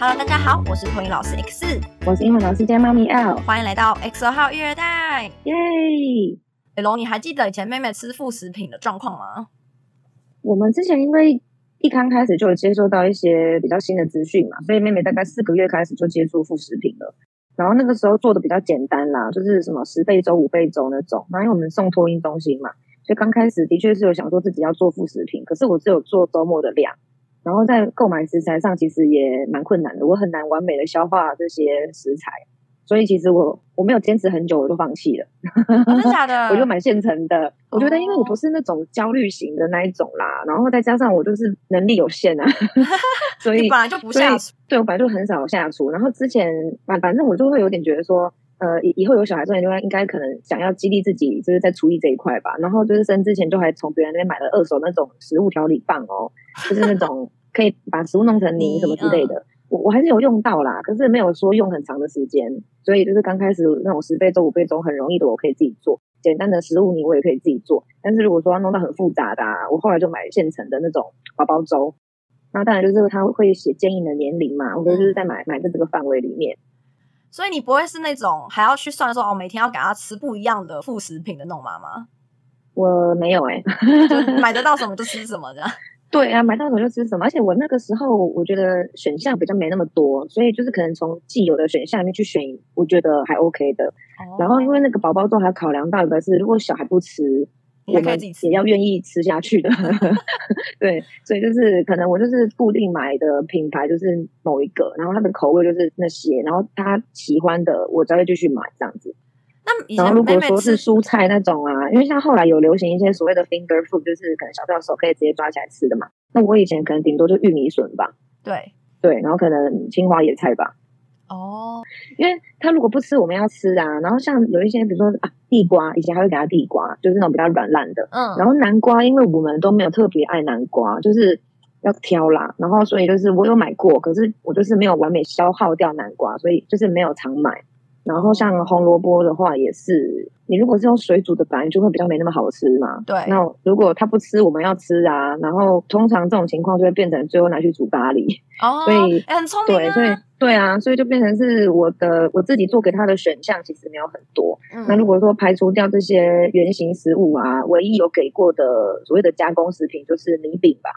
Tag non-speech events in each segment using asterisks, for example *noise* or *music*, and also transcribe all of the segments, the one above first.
Hello，大家好，我是托嬰老師 X，我是英文老師兼媽咪 L，歡迎來到 XL 號育兒袋，耶！龍，你還記得以前妹妹吃副食品的狀況嗎？我們之前因為一剛開始就有接觸到一些比較新的資訊嘛，所以妹妹大概四個月開始就接觸副食品了。然後那個時候做的比較簡單啦，就是什麼十倍粥、五倍粥那種。然後因為我們送托嬰中心嘛，所以剛開始的確是有想說自己要做副食品，可是我只有做周末的量。然後在購買食材上，其實也蠻困難的。我很難完美的消化這些食材，所以其實我我沒有堅持很久，我就放棄了。真的假的？我就蠻現成的。哦、我覺得，因為我不是那種焦慮型的那一種啦。然後再加上我就是能力有限啊，所 *laughs* 以本來就不下廚。對我本來就很少下廚。然後之前反反正我就會有點覺得說，呃，以以後有小孩，之前就應該可能想要激勵自己，就是在廚藝這一塊吧。然後就是生之前，就還從別人那邊買了二手那種食物調理棒哦，就是那種。 *laughs* 可以把食物弄成泥什麼之類的，嗯、我我還是有用到啦，可是沒有說用很長的時間，所以就是剛開始那種十倍粥、五倍粥很容易的，我可以自己做簡單的食物泥，我也可以自己做。但是如果說要弄到很複雜的、啊，我後來就買現成的那種寶寶粥，那當然就是他會寫建議的年齡嘛，我覺得就是在買、嗯、買在這個範圍裡面。所以你不會是那種還要去算說哦，每天要給他吃不一樣的副食品的那種媽媽？我沒有哎、欸，買得到什麼就吃什麼這樣。對啊，買到手就吃什麼，而且我那個時候我覺得選項比較沒那麼多，所以就是可能從既有的選項裡面去選，我覺得還 OK 的。Okay. 然後因為那個寶寶都還考量到一個，是如果小孩不吃，我們自己也要願意吃下去的。 *laughs* *laughs* 對，所以就是可能我就是固定買的品牌就是某一個，然後它的口味就是那些，然後他喜歡的我才會繼續買這樣子。妹妹然後，如果說是蔬菜那種啊，因為像後來有流行一些所謂的 finger food，就是可能小朋友手可以直接抓起來吃的嘛。那我以前可能頂多就玉米筍吧，對對，然後可能青花椰菜吧。哦，因為他如果不吃，我們要吃啊。然後像有一些比如說啊地瓜，以前還會給他地瓜，就是那種比較軟爛的。嗯。然後南瓜，因為我們都沒有特別愛南瓜，就是要挑啦。然後所以就是我有買過，可是我就是沒有完美消耗掉南瓜，所以就是沒有常買。然後像紅蘿蔔的話也是，你如果是用水煮的白就會比較沒那麼好吃嘛。對。那如果他不吃，我們要吃啊。然後通常這種情況就會變成最後拿去煮咖喱。哦、oh,。所以很聰明、啊，對，所以對啊，所以就變成是我的我自己做給他的選項，其實沒有很多、嗯。那如果說排除掉這些原型食物啊，唯一有給過的所謂的加工食品就是米餅吧。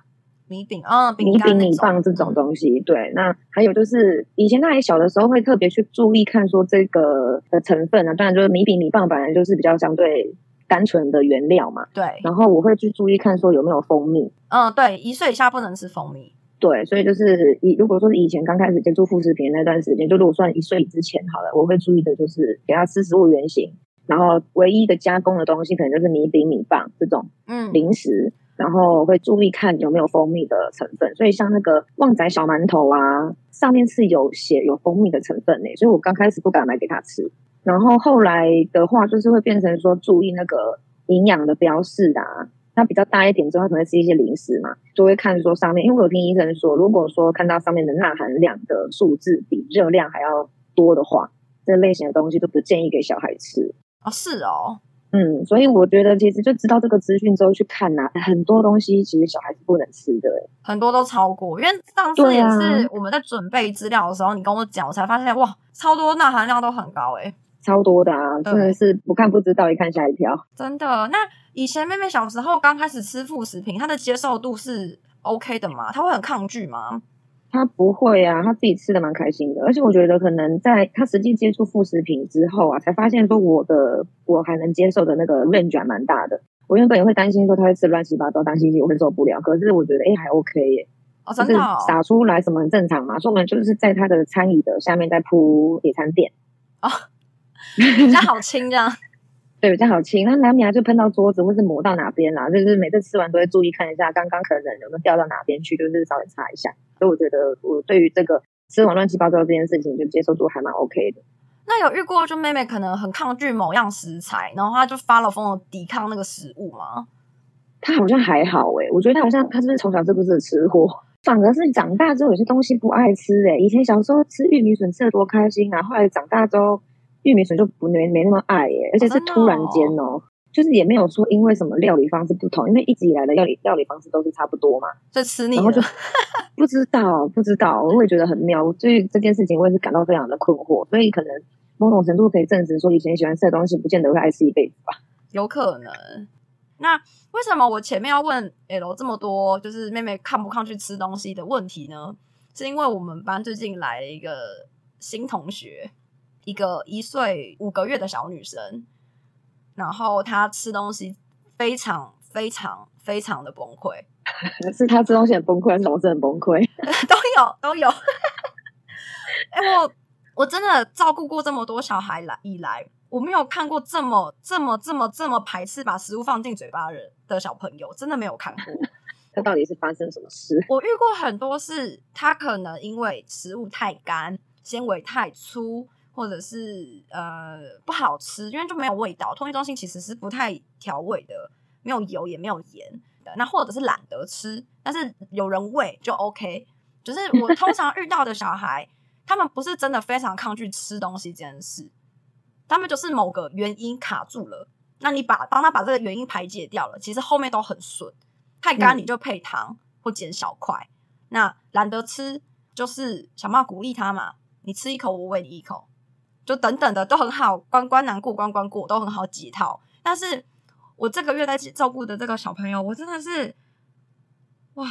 米餅、啊、哦，米餅、米棒這種東西，對。那還有就是，以前他還小的時候，會特別去注意看說這個的成分啊。當然，就是米餅、米棒本來就是比較相對單純的原料嘛。對。然後我會去注意看說有沒有蜂蜜。嗯，對，一歲以下不能吃蜂蜜。對，所以就是以如果說是以前剛開始接觸副食品那段時間，就如果算一歲之前好了，我會注意的就是給他吃食物原型，然後唯一的加工的東西可能就是米餅、米棒這種嗯零食。然後會注意看有沒有蜂蜜的成分，所以像那個旺仔小饅頭啊，上面是有寫有蜂蜜的成分呢，所以我剛開始不敢買給他吃。然後後來的話，就是會變成說注意那個營養的標示啊。他比較大一點之後，他可能吃一些零食嘛，就會看說上面，因為我有聽醫生說，如果說看到上面的鈉含量的數字比熱量還要多的話，這類型的東西都不建議給小孩吃啊，哦。是哦。嗯，所以我覺得其實就知道這個資訊之後去看吶、啊，很多東西其實小孩子不能吃的、欸，很多都超過。因為上次也是我們在準備資料的時候，啊、你跟我講，我才發現哇，超多鈉含量都很高誒、欸，超多的啊，真的是不看不知道，一看嚇一跳。真的，那以前妹妹小時候剛開始吃副食品，她的接受度是 OK 的嗎？她會很抗拒嗎？嗯他不會啊，他自己吃的蠻開心的，而且我覺得可能在他實際接觸副食品之後啊，才發現說我的我還能接受的那個 range 蠻大的。我原本也會擔心說他會吃亂七八糟，擔心我會受不了，可是我覺得誒、欸，還 OK 耶，就、哦、是撒出來什麼很正常嘛、哦。所以我們就是在他的餐椅的下面在鋪野餐墊啊，人、哦、家好輕這樣。 *laughs* 對，比較好清。那難免啊，就噴到桌子，或是磨到哪邊啦，就是每次吃完都會注意看一下，剛剛可能有沒有掉到哪邊去，就是稍微擦一下。所以我覺得我對於這個吃完亂七八糟這件事情，就接受度還蠻 OK 的。那有遇過就妹妹可能很抗拒某樣食材，然後她就發了瘋的抵抗那個食物嗎？她好像還好哎、欸，我覺得她好像她是不是從小是不是吃貨，反而是長大之後有些東西不愛吃哎、欸，以前小時候吃玉米筍吃的多開心啊，後來長大之後。玉米筍就不，沒沒那麼愛耶，而且是突然間、喔、哦，哦，就是也沒有說因為什麼料理方式不同，因為一直以來的料理料理方式都是差不多嘛，所以吃膩了，然後就 *laughs* 不知道不知道，我也覺得很妙，所以這件事情我也是感到非常的困惑，所以可能某種程度可以證實說，以前喜歡吃的東西不見得會愛吃一輩子吧，有可能。那為什麼我前面要問 L 這麼多，就是妹妹抗不抗拒吃東西的問題呢？是因為我們班最近來了一個新同學。一個一歲五個月的小女生，然後她吃東西非常非常非常的崩潰。 *laughs* 是她吃東西很崩潰，還是我真的很崩潰 *laughs* ？都有都有， *laughs* 欸，我我真的照顧過這麼多小孩來以來，我沒有看過這麼這麼這麼這麼排斥把食物放進嘴巴的人的小朋友，真的沒有看過。他 *laughs* 到底是發生什麼事？我遇過很多事，他可能因為食物太乾，纖維太粗。或者是呃不好吃，因為就沒有味道。托育中心其實是不太調味的，沒有油也沒有鹽的。那或者是懶得吃，但是有人餵就 OK。就是我通常遇到的小孩， *laughs* 他們不是真的非常抗拒吃東西這件事，他們就是某個原因卡住了。那你把幫他把這個原因排解掉了，其實後面都很順。太乾你就配糖、嗯、或剪小塊。那懶得吃，就是想辦法鼓勵他嘛。你吃一口，我餵你一口。就等等的都很好，關關難過關關過都很好，幾套。但是我這個月在照顧的這個小朋友，我真的是，哇！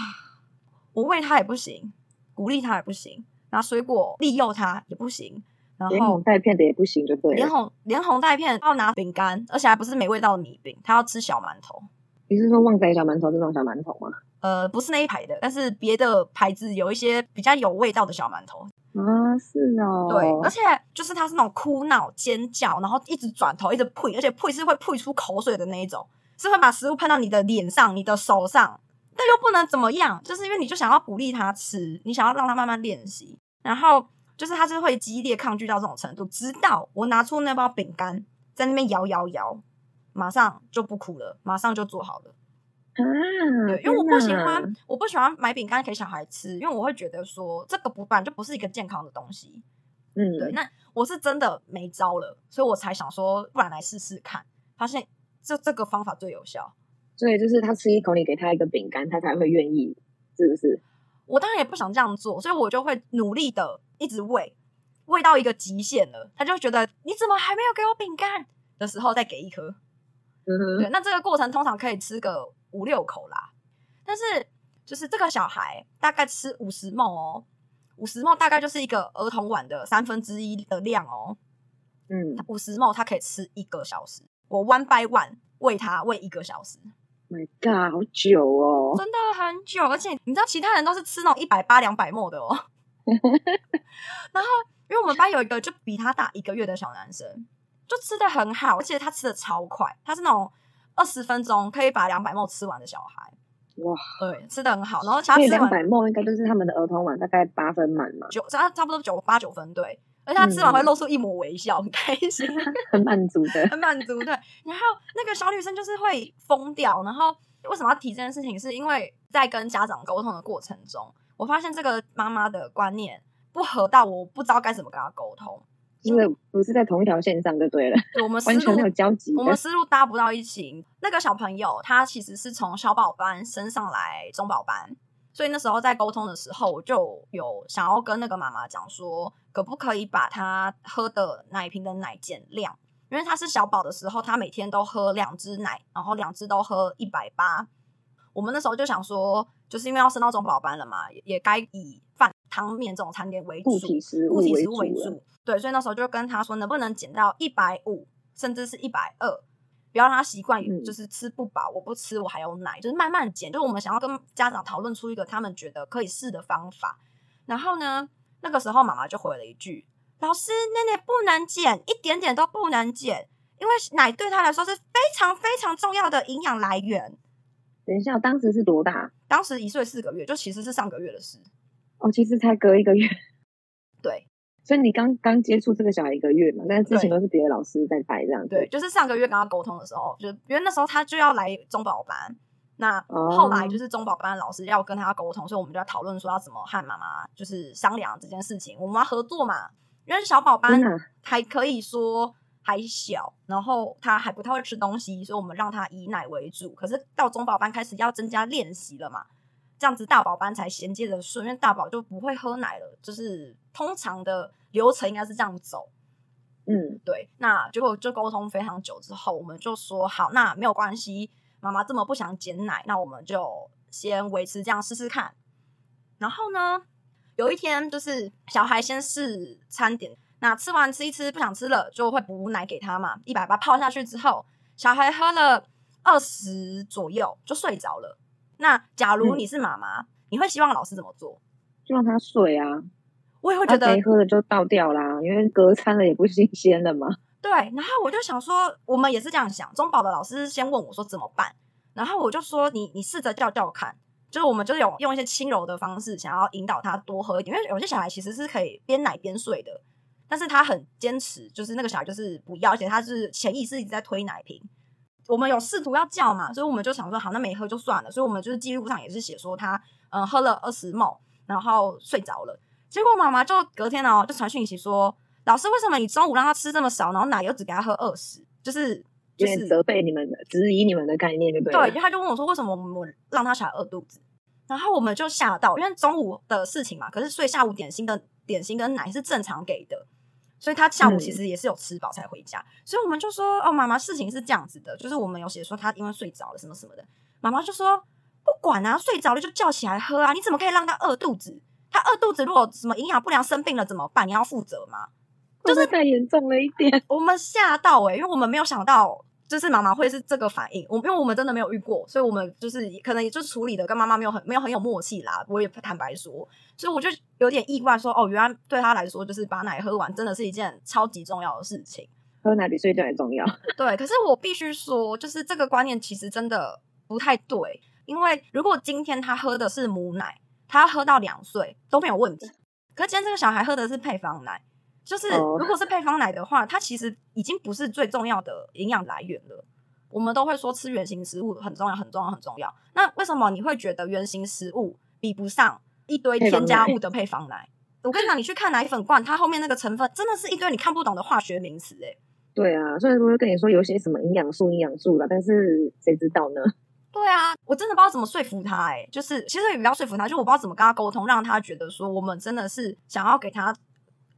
我餵他也不行，鼓勵他也不行，拿水果利誘他也不行，然後連哄帶騙的也不行，就對了。連哄連哄帶騙，要拿餅乾，而且還不是沒味道的米餅，他要吃小饅頭。你是說旺仔小饅頭這種小饅頭嗎？呃，不是那一排的，但是別的牌子有一些比較有味道的小饅頭。嗯，是哦。對，而且就是他是那種哭鬧、尖叫，然後一直轉頭、一直呸，而且呸是會呸出口水的那一種，是會把食物噴到你的臉上、你的手上，但又不能怎麼樣，就是因為你就想要鼓勵他吃，你想要讓他慢慢練習，然後就是他是會激烈抗拒到這種程度，直到我拿出那包餅乾，在那邊搖搖搖，馬上就不哭了，馬上就做好了。嗯、啊，對，因為我不喜歡，我不喜歡買餅乾給小孩吃，因為我會覺得說這個不辦就不是一個健康的東西。嗯，對，那我是真的沒招了，所以我才想說，不然來試試看，發現這這個方法最有效。所以就是他吃一口，你給他一個餅乾，他才會願意，是不是？我當然也不想這樣做，所以我就會努力的一直餵，餵到一個極限了，他就覺得你怎麼還沒有給我餅乾的時候再給一顆。嗯，對，那這個過程通常可以吃個五六口啦，但是就是這個小孩大概吃五十 ml 哦，五十 ml 大概就是一個兒童碗的三分之一的量哦。嗯，五十 ml 他可以吃一個小時，我 one by one 餵他餵一個小時。Oh my God，好久哦，真的很久，而且你知道其他人都是吃那種一百八兩百 ml 的哦。 *laughs* 然後，因為我們班有一個就比他大一個月的小男生，就吃得很好，而且他吃得超快，他是那種。二十分鐘可以把兩百 ml 吃完的小孩，哇，對，吃的很好。然後其實兩百 ml 應該就是他們的兒童碗，大概八分滿嘛，九，差差不多九八九分對。而且他吃完會露出一抹微笑，嗯，很開心， *laughs* 很滿足的， *laughs* 很滿足對。然後那個小女生就是會瘋掉。然後為什麼要提這件事情？是因為在跟家長溝通的過程中，我發現這個媽媽的觀念不合，到我不知道該怎麼跟她溝通。因為不是在同一條線上就對了，對，我們思路完全沒有交集，我們思路搭不到一起。那個小朋友他其實是從小寶班升上來中寶班，所以那時候在溝通的時候，我就有想要跟那個媽媽講說，可不可以把他喝的奶瓶的奶減量，因為他是小寶的時候，他每天都喝兩支奶，然後兩支都喝一百八，我們那時候就想說。就是因為要升到中保班了嘛，也也該以飯湯麵這種餐點為主，食為主，固體食物為主。對，所以那時候就跟他說，能不能減到一百五，甚至是一百二，不要讓他習慣於就是吃不飽、嗯，我不吃我還有奶，就是慢慢減。就是我們想要跟家長討論出一個他們覺得可以試的方法。然後呢，那個時候媽媽就回了一句：“老師，奶奶不能減，一點點都不能減，因為奶對他來說是非常非常重要的營養來源。”等一下，當時是多大？當時一歲四個月，就其實是上個月的事。哦，其實才隔一個月。對，所以你剛剛接觸這個小孩一個月嘛，但是之前都是別的老師在帶這樣，對，對，對，就是上個月跟他溝通的時候，就因為那時候他就要來中保班，那後來就是中保班老師要跟他溝通、哦，所以我們就要討論說要怎麼和媽媽就是商量這件事情，我們要合作嘛。因為小寶班還可以說。嗯啊還小，然後他還不太會吃東西，所以我們讓他以奶為主。可是到中寶班開始要增加練習了嘛，這樣子大寶班才銜接得順。因為大寶就不會喝奶了，就是通常的流程應該是這樣走。嗯，對。那結果就溝通非常久之後，我們就說好，那沒有關係，媽媽這麼不想減奶，那我們就先維持這樣試試看。然後呢，有一天就是小孩先試餐點。那吃完吃一吃，不想吃了就會補奶給他嘛。一百八泡下去之後，小孩喝了二十左右就睡着了。那假如你是媽媽，嗯，你會希望老師怎麼做？希望他睡啊。我也會覺得他沒喝的就倒掉啦，因為隔餐了也不新鮮了嘛。對。然後我就想說，我們也是這樣想。中寶的老師先問我說怎麼辦，然後我就說你你試着叫叫看，就是我們就是有用一些輕柔的方式，想要引導他多喝一點，因為有些小孩其實是可以邊奶邊睡的。但是他很堅持，就是那個小孩就是不要，而且他是潛意識一直在推奶瓶。我們有試圖要叫嘛，所以我們就想說，好，那沒喝就算了。所以我們就是記錄簿上也是寫說他，他嗯喝了二十毫升然後睡着了。結果媽媽就隔天呢、喔、就傳訊息說，老師為什麼你中午讓他吃這麼少，然後奶又只給他喝二十、就是，就是就是責備你們，質疑你們的概念，對不對？對。他就問我說，為什麼我們讓他小孩餓肚子？然後我們就嚇到，因為中午的事情嘛，可是睡下午點心的點心跟奶是正常給的。所以他下午其實也是有吃飽才回家，嗯，所以我們就說哦，媽媽，事情是這樣子的，就是我們有寫說他因為睡着了什麼什麼的，媽媽就說不管啊，睡着了就叫起來喝啊，你怎麼可以讓他餓肚子？他餓肚子如果什麼營養不良生病了怎麼辦？你要負責嗎？就是太嚴重了一點，就是、我們嚇到誒、欸、因為我們沒有想到。就是媽媽會是這個反應，我因為我們真的沒有遇過，所以我們就是可能也就處理的跟媽媽沒有很沒有很有默契啦。我也坦白說，所以我就有點意外說，說哦，原來對他來說，就是把奶喝完真的是一件超級重要的事情，喝奶比睡覺還重要。對，可是我必須說，就是這個觀念其實真的不太對，因為如果今天他喝的是母奶，他要喝到兩歲都沒有問題。可是今天這個小孩喝的是配方奶。就是，如果是配方奶的話，oh, 它其實已經不是最重要的營養來源了。我們都會說吃原形食物很重要，很重要，很重要。那為什麼你會覺得原形食物比不上一堆添加物的配方奶？奶我跟你講，你去看奶粉罐， *laughs* 它後面那個成分真的是一堆你看不懂的化學名詞誒、欸，對啊，雖然說會跟你說有些什麼營養素、營養素啦，但是誰知道呢？對啊，我真的不知道怎麼說服他誒、欸，就是其實也比較說服他，就我不知道怎麼跟他溝通，讓他覺得說我們真的是想要給他。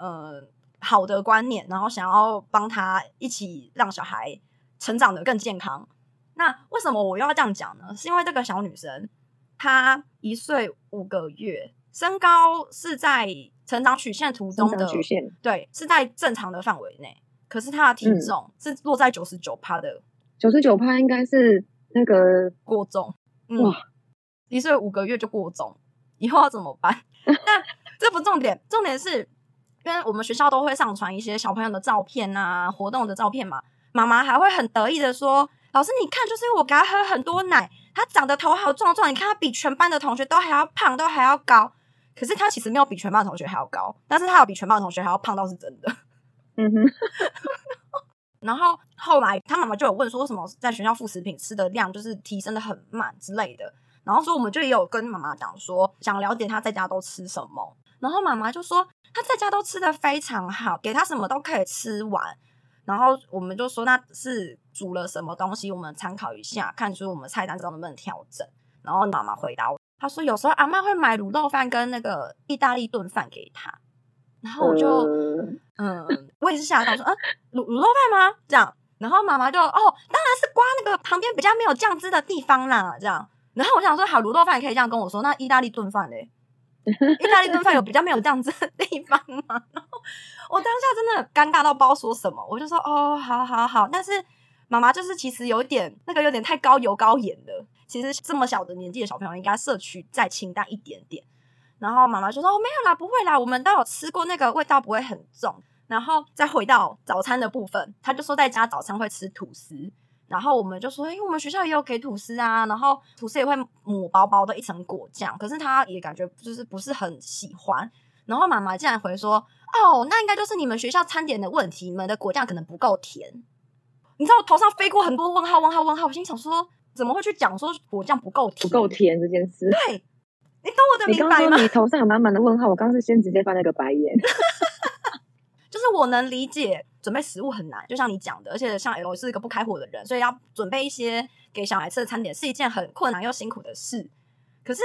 呃，好的觀念，然後想要幫他一起讓小孩成長得更健康。那為什麼我要這樣講呢？是因為這個小女生，她一歲五個月，身高是在成長曲線圖中的曲線，對，是在正常的範圍內。可是她的體重是落在九十九趴的，九十九趴應該是那個過重、嗯。哇，一歲五個月就過重，以後要怎麼辦？ *laughs* 但這不重點，重點是。因為我們學校都會上傳一些小朋友的照片啊，活動的照片嘛。媽媽還會很得意的說：“老師，你看，就是因為我給他喝很多奶，他長得頭好壯壯。你看他比全班的同學都還要胖，都還要高。可是他其實沒有比全班的同學還要高，但是他有比全班的同學還要胖，倒是真的。”嗯哼。 *laughs* 然後後來他媽媽就有問說：“為什麼在學校副食品吃的量就是提升的很慢之類的？”然後說我們就也有跟媽媽講說，想了解他在家都吃什麼。然後媽媽就說。他在家都吃得非常好，給他什麼都可以吃完。然後我們就說，那是煮了什麼東西，我們參考一下，看出我們菜單中能不能調整。然後媽媽回答我，她說有時候阿媽會買滷肉飯跟那個意大利燉飯給他。然後我就嗯、嗯，我也是嚇到說，呃、嗯，滷滷肉飯嗎？這樣。然後媽媽就哦，當然是刮那個旁邊比較沒有醬汁的地方啦，這樣。然後我想說，好，滷肉飯也可以這樣跟我說，那意大利燉飯嘞？意 *laughs* 大利頓飯有比較沒有這樣子的地方嗎？然後我當下真的尷尬到不知道說什麼，我就說哦，好好好。但是媽媽就是其實有點那個有點太高油高鹽了，其實這麼小的年紀的小朋友應該攝取再清淡一點點。然後媽媽就說哦，沒有啦，不會啦，我們都有吃過那個味道不會很重。然後再回到早餐的部分，她就說在家早餐會吃吐司。然後我們就說，哎，我們學校也有給吐司啊，然後吐司也會抹薄薄的一層果醬，可是他也感覺就是不是很喜歡。然後媽媽竟然回說，哦，那應該就是你們學校餐點的問題，你們的果醬可能不夠甜。你知道我頭上飛過很多問號，問號，問號，我心想說，怎麼會去講說果醬不夠甜？不夠甜這件事？對，你懂我的明白嗎？你剛說你頭上有滿滿的問號，我剛剛是先直接翻了個白眼。 *laughs* 就是我能理解準備食物很難，就像你講的，而且像 L 是一個不開火的人，所以要準備一些給小孩吃的餐點是一件很困難又辛苦的事。可是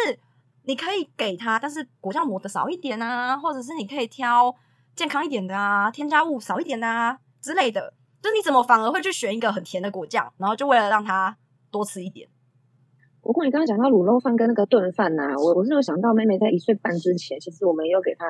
你可以給他，但是果醬抹得少一點啊，或者是你可以挑健康一點的啊，添加物少一點啊之類的。就你怎麼反而會去選一個很甜的果醬，然後就為了讓他多吃一點？不過你剛剛講到滷肉飯跟那個燉飯吶，我我是有想到妹妹在一歲半之前，其實我沒有給她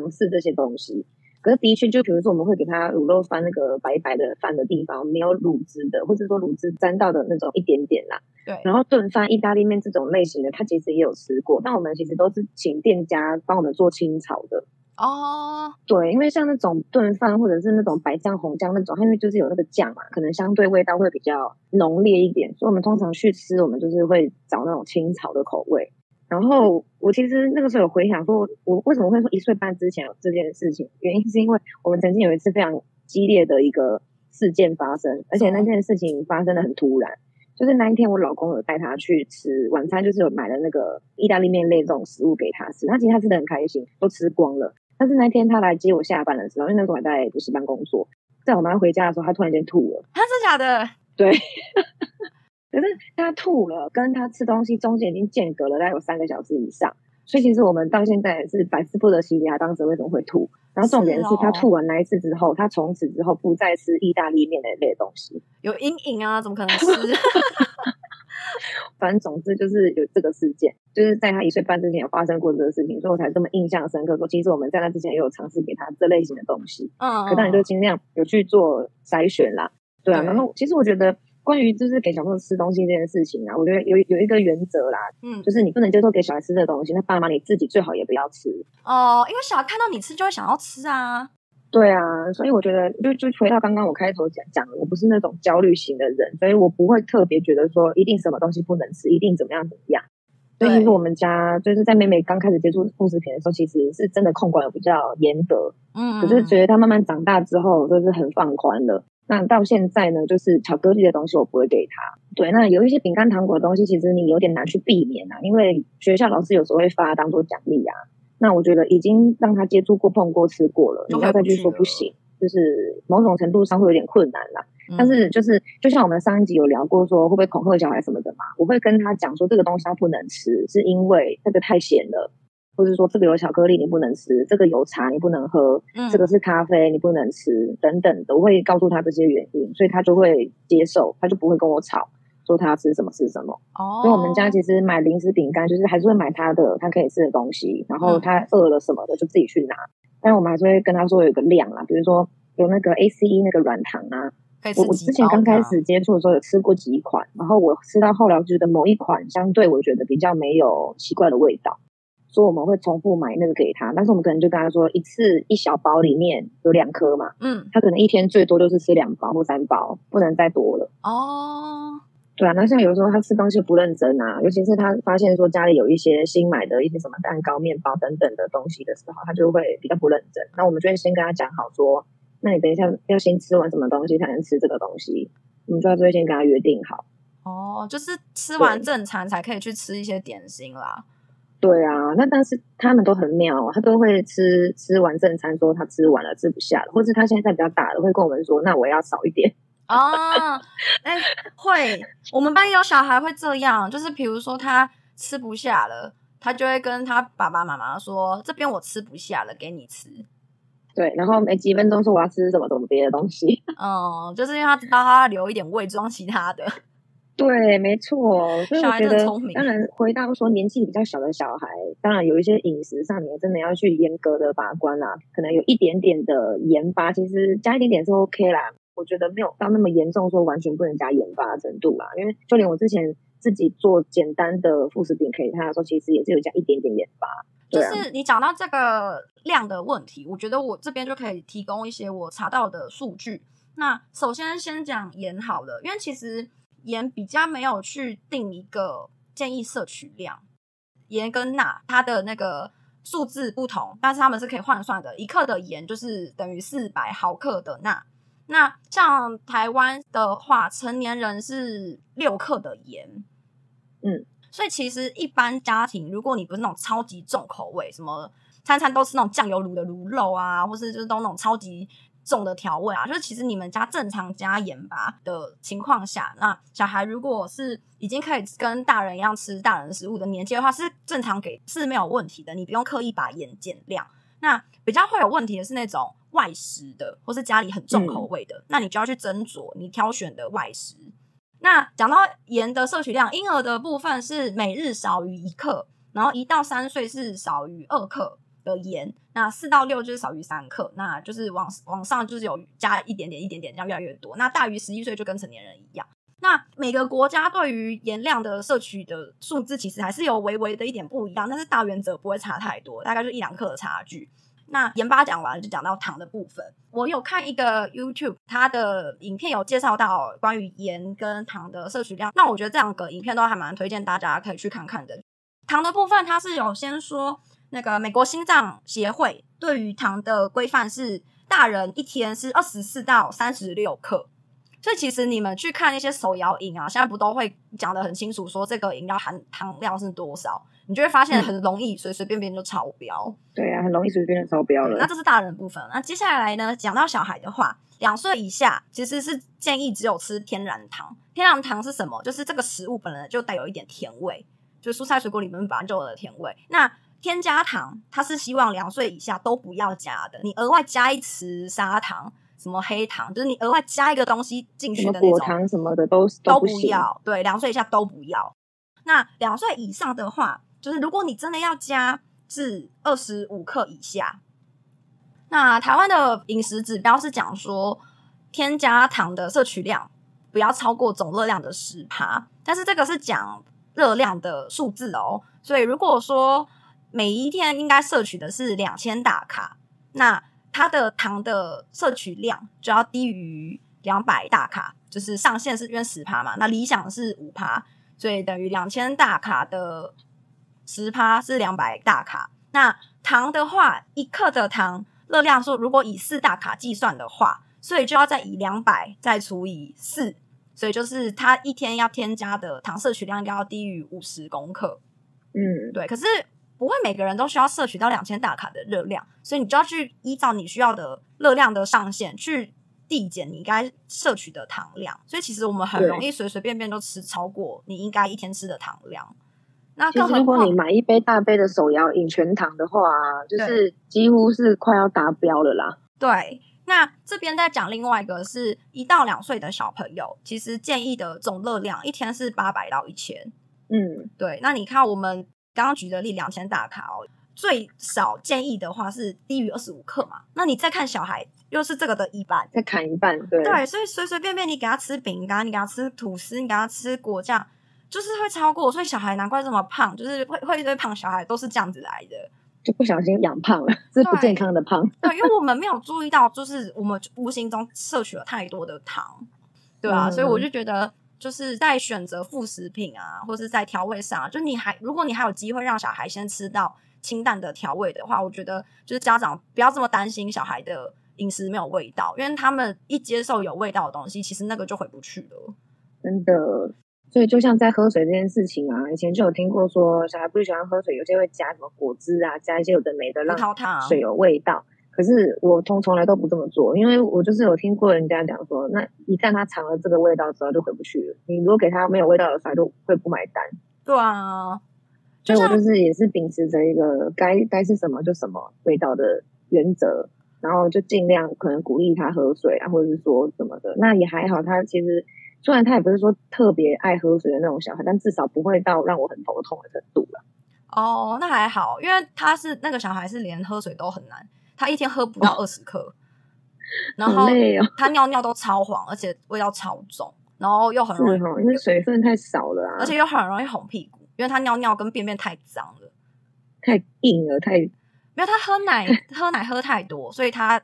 嘗試這些東西。可是的確，就比如說我們會給他滷肉飯，那個白白的飯的地方沒有滷汁的，或者說滷汁沾到的那種一點點啦。對，然後燉飯、意大利麵這種類型的，他其實也有吃過，但我們其實都是請店家幫我們做清炒的。哦、Oh.，對，因為像那種燉飯或者是那種白醬、紅醬那種，因為就是有那個醬嘛、啊，可能相對味道會比較濃烈一點，所以我們通常去吃，我們就是會找那種清炒的口味。然後我其實那個時候有回想說，我為什麼會說一歲半之前有這件事情，原因是因為我們曾經有一次非常激烈的一個事件發生，而且那件事情發生的很突然。就是那一天，我老公有帶他去吃晚餐，就是有買了那個意大利麵類這種食物給他吃。他其實他吃的很開心，都吃光了。但是那天他來接我下班的時候，因為那時候還在補習班工作，在我媽回家的時候，他突然間吐了。他是假的？對。可是他吐了，跟他吃東西中間已經間隔了，大概有三個小時以上。所以其實我們到現在也是百思不得其解，當時為什麼會吐。然後重點是他吐完那一次之後，哦、他從此之後不再吃意大利麵類的東西，有陰影啊，怎麼可能吃？ *laughs* *laughs* 反正總之就是有這個事件，就是在他一歲半之前有發生過這個事情，所以我才這麼印象深刻。說其實我們在那之前也有嘗試給他這類型的東西，嗯，可但你就盡量有去做篩選啦。對啊對，然後其實我覺得。關於就是給小朋友吃東西這件事情啊，我覺得有有一個原則啦，嗯，就是你不能接受給小孩吃的東西，那爸媽你自己最好也不要吃哦，因為小孩看到你吃就會想要吃啊。對啊，所以我覺得就就回到剛剛我開頭講講的，我不是那種焦慮型的人，所以我不會特別覺得說一定什麼東西不能吃，一定怎麼樣怎麼樣。所以其實我們家就是在妹妹剛開始接觸副食品的時候，其實是真的控管有比較嚴格，嗯，可是覺得她慢慢長大之後，就是很放寬了。那到現在呢，就是巧克力的東西我不會給他。對，那有一些餅乾、糖果的東西，其實你有點難去避免啊，因為學校老師有時候會發當做獎勵啊。那我覺得已經讓他接觸過、碰過、吃過了，不了，你要再去說不行，就是某種程度上會有點困難啦，啊嗯。但是就是，就像我們上一集有聊過說，會不會恐嚇小孩什麼的嘛？我會跟他講說，這個東西要不能吃，是因為這個太鹹了。或者說這個有巧克力你不能吃，這個有茶你不能喝，嗯、這個是咖啡你不能吃，等等的，我會告訴他這些原因，所以他就會接受，他就不會跟我吵，說他要吃什麼吃什麼。哦。因為我們家其實買零食餅乾，就是還是會買他的他可以吃的東西，然後他餓了什麼的就自己去拿。嗯、但我們還是會跟他說有個量啊，比如說有那個 ACE 那個軟糖啊，可以啊，我我之前剛開始接觸的時候有吃過幾款，然後我吃到後來覺得某一款相對我覺得比較沒有奇怪的味道。嗯所以我們會重複買那個給他，但是我們可能就跟他說一次一小包裡面有兩顆嘛，嗯，他可能一天最多就是吃兩包或三包，不能再多了。哦，對啊，那像有時候他吃東西不認真啊，尤其是他發現說家裡有一些新買的一些什麼蛋糕、麵包等等的東西的時候，他就會比較不認真。那我們就會先跟他講好說，那你等一下要先吃完什麼東西才能吃這個東西，我們就要先跟他約定好。哦，就是吃完正餐才可以去吃一些點心啦。對啊，那但是他們都很妙，他都會吃吃完正餐，說他吃完了，吃不下了，或是他現在，在比較大了，會跟我們說，那我要少一點啊。哎、嗯欸，會，我們班也有小孩會這樣，就是比如說他吃不下了，他就會跟他爸爸媽媽說，這邊我吃不下了，給你吃。對，然後沒幾分鐘說我要吃什麼什麼別的東西。嗯，就是因為他知道他要留一點胃裝其他的。對，沒錯。所以小孩真的聰明。當然，回到說年紀比較小的小孩，當然有一些飲食上面真的要去嚴格的把關啦、啊。可能有一點點的鹽巴，其實加一點點是 OK 啦。我覺得沒有到那麼嚴重，說完全不能加鹽巴的程度啦。因為就連我之前自己做簡單的副食品給他的時候，其實也是有加一點點鹽巴、啊。就是你講到這個量的問題，我覺得我這邊就可以提供一些我查到的數據。那首先先講鹽好了，因為其實。鹽比較沒有去定一個建議攝取量，鹽跟鈉它的那個數字不同，但是他們是可以換算的，一克的鹽就是等於四百毫克的鈉。那像台灣的話，成年人是六克的鹽。嗯，所以其實一般家庭，如果你不是那種超級重口味，什麼餐餐都吃那種醬油滷的滷肉啊，或是就是都那種超級重的調味啊，就是其實你們家正常加鹽吧的情況下，那小孩如果是已經可以跟大人一樣吃大人食物的年紀的話，是正常給是沒有問題的，你不用刻意把鹽減量。那比較會有問題的是那種外食的，或是家裡很重口味的，嗯、那你就要去斟酌你挑選的外食。那講到鹽的攝取量，嬰兒的部分是每日少於一克，然後一到三歲是少於二克的鹽，那四到六就是少於三克，那就是往往上就是有加一點點一點點，這樣越來越多。那大於十一歲就跟成年人一樣。那每個國家對於鹽量的攝取的數字其實還是有微微的一點不一樣，但是大原則不會差太多，大概就一兩克的差距。那鹽巴講完就講到糖的部分，我有看一個 YouTube，它的影片有介紹到關於鹽跟糖的攝取量，那我覺得這兩個影片都還蠻推薦大家可以去看看的。糖的部分它是有先說。那個美國心臟協會對於糖的規範是，大人一天是二十四到三十六克，所以其實你們去看那些手搖飲啊，現在不都會講得很清楚，說這個飲料含糖量是多少，你就會發現很容易隨、嗯、隨便便就超標。對啊，很容易隨便便超標了、嗯。那這是大人的部分，那接下來呢，講到小孩的話，兩歲以下其實是建議只有吃天然糖。天然糖是什麼？就是這個食物本來就帶有一點甜味，就蔬菜水果裡面本來就有的甜味。那添加糖，它是希望兩歲以下都不要加的。你額外加一匙砂糖，什麼黑糖，就是你額外加一個東西進去的那種。什麼果糖什麼的都都不要都不。對，兩歲以下都不要。那兩歲以上的話，就是如果你真的要加，是二十五克以下。那台灣的飲食指標是講說，添加糖的攝取量不要超過總熱量的十趴。但是這個是講熱量的數字哦，所以如果說。每一天應該攝取的是兩千大卡，那它的糖的攝取量就要低於兩百大卡，就是上限是約十趴嘛，那理想是五趴，所以等於兩千大卡的十趴是兩百大卡。那糖的話，一克的糖熱量說，如果以四大卡計算的話，所以就要再以兩百再除以四，所以就是它一天要添加的糖攝取量應該要低於五十公克。嗯，對，可是。不會，每個人都需要攝取到兩千大卡的熱量，所以你就要去依照你需要的熱量的上限去遞減你應該攝取的糖量。所以其實我們很容易隨隨便便都吃超過你應該一天吃的糖量。那更何況你買一杯大杯的手搖飲全糖的話，就是幾乎是快要達標了啦。對，那這邊再講另外一個是一到兩歲的小朋友，其實建議的總熱量一天是八百到一千。嗯，對。那你看我們。剛剛舉的例，兩千大卡哦，最少建議的話是低於二十五克嘛。那你再看小孩，又是這個的一半，再砍一半，對，對，所以隨隨便便你給他吃餅乾，你給他吃吐司，你給他吃果醬，就是會超過。所以小孩難怪這麼胖，就是會會一堆胖小孩都是這樣子來的，就不小心養胖了，這是不健康的胖。對，對，因為我們沒有注意到，就是我們無形中攝取了太多的糖，對啊，嗯，所以我就覺得。就是在選擇副食品啊，或是在調味上啊，就你還，如果你還有機會讓小孩先吃到清淡的調味的話，我覺得就是家長不要這麼擔心小孩的飲食沒有味道，因為他們一接受有味道的東西，其實那個就回不去了。真的，所以就像在喝水這件事情啊，以前就有聽過說小孩不喜歡喝水，有些會加什麼果汁啊，加一些有的沒的讓水有味道。可是我從從來都不這麼做，因為我就是有聽過人家講說，那一旦他嘗了這個味道之後就回不去了。你如果給他沒有味道的水，都會不買單。對啊，所以我就是也是秉持着一個該該，該是什麼就什麼味道的原則，然後就盡量可能鼓勵他喝水啊，或者是說什麼的。那也還好，他其實雖然他也不是說特別愛喝水的那種小孩，但至少不會到讓我很頭痛的程度了。哦，那還好，因為他是那個小孩是連喝水都很難。他一天喝不到二十克、哦，然後、哦、他尿尿都超黃，而且味道超重，然後又很容易紅，哦、因為水分太少了、啊、而且又很容易紅屁股，因為他尿尿跟便便，便太髒了，太硬了，太沒有。他喝奶、哎、喝奶喝太多，所以他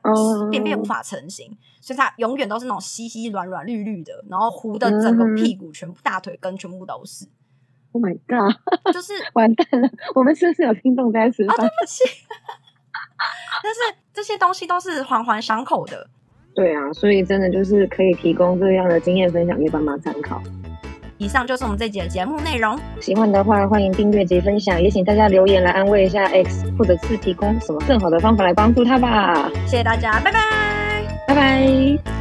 便便無法成型、哦，所以他永遠都是那種稀稀軟軟綠綠的，然後糊的整個屁股、嗯、全部大腿根全部都是。Oh my god！ *laughs* 就是完蛋了。我們是不是有聽眾在吃飯、啊？對不起。但是這些東西都是環環相扣的，對啊，所以真的就是可以提供這樣的經驗分享給爸媽參考。以上就是我們這節節目內容，喜歡的話歡迎訂閱及分享，也請大家留言來安慰一下 X，或者是提供什麼更好的方法來幫助他吧。謝謝大家，拜拜，拜拜。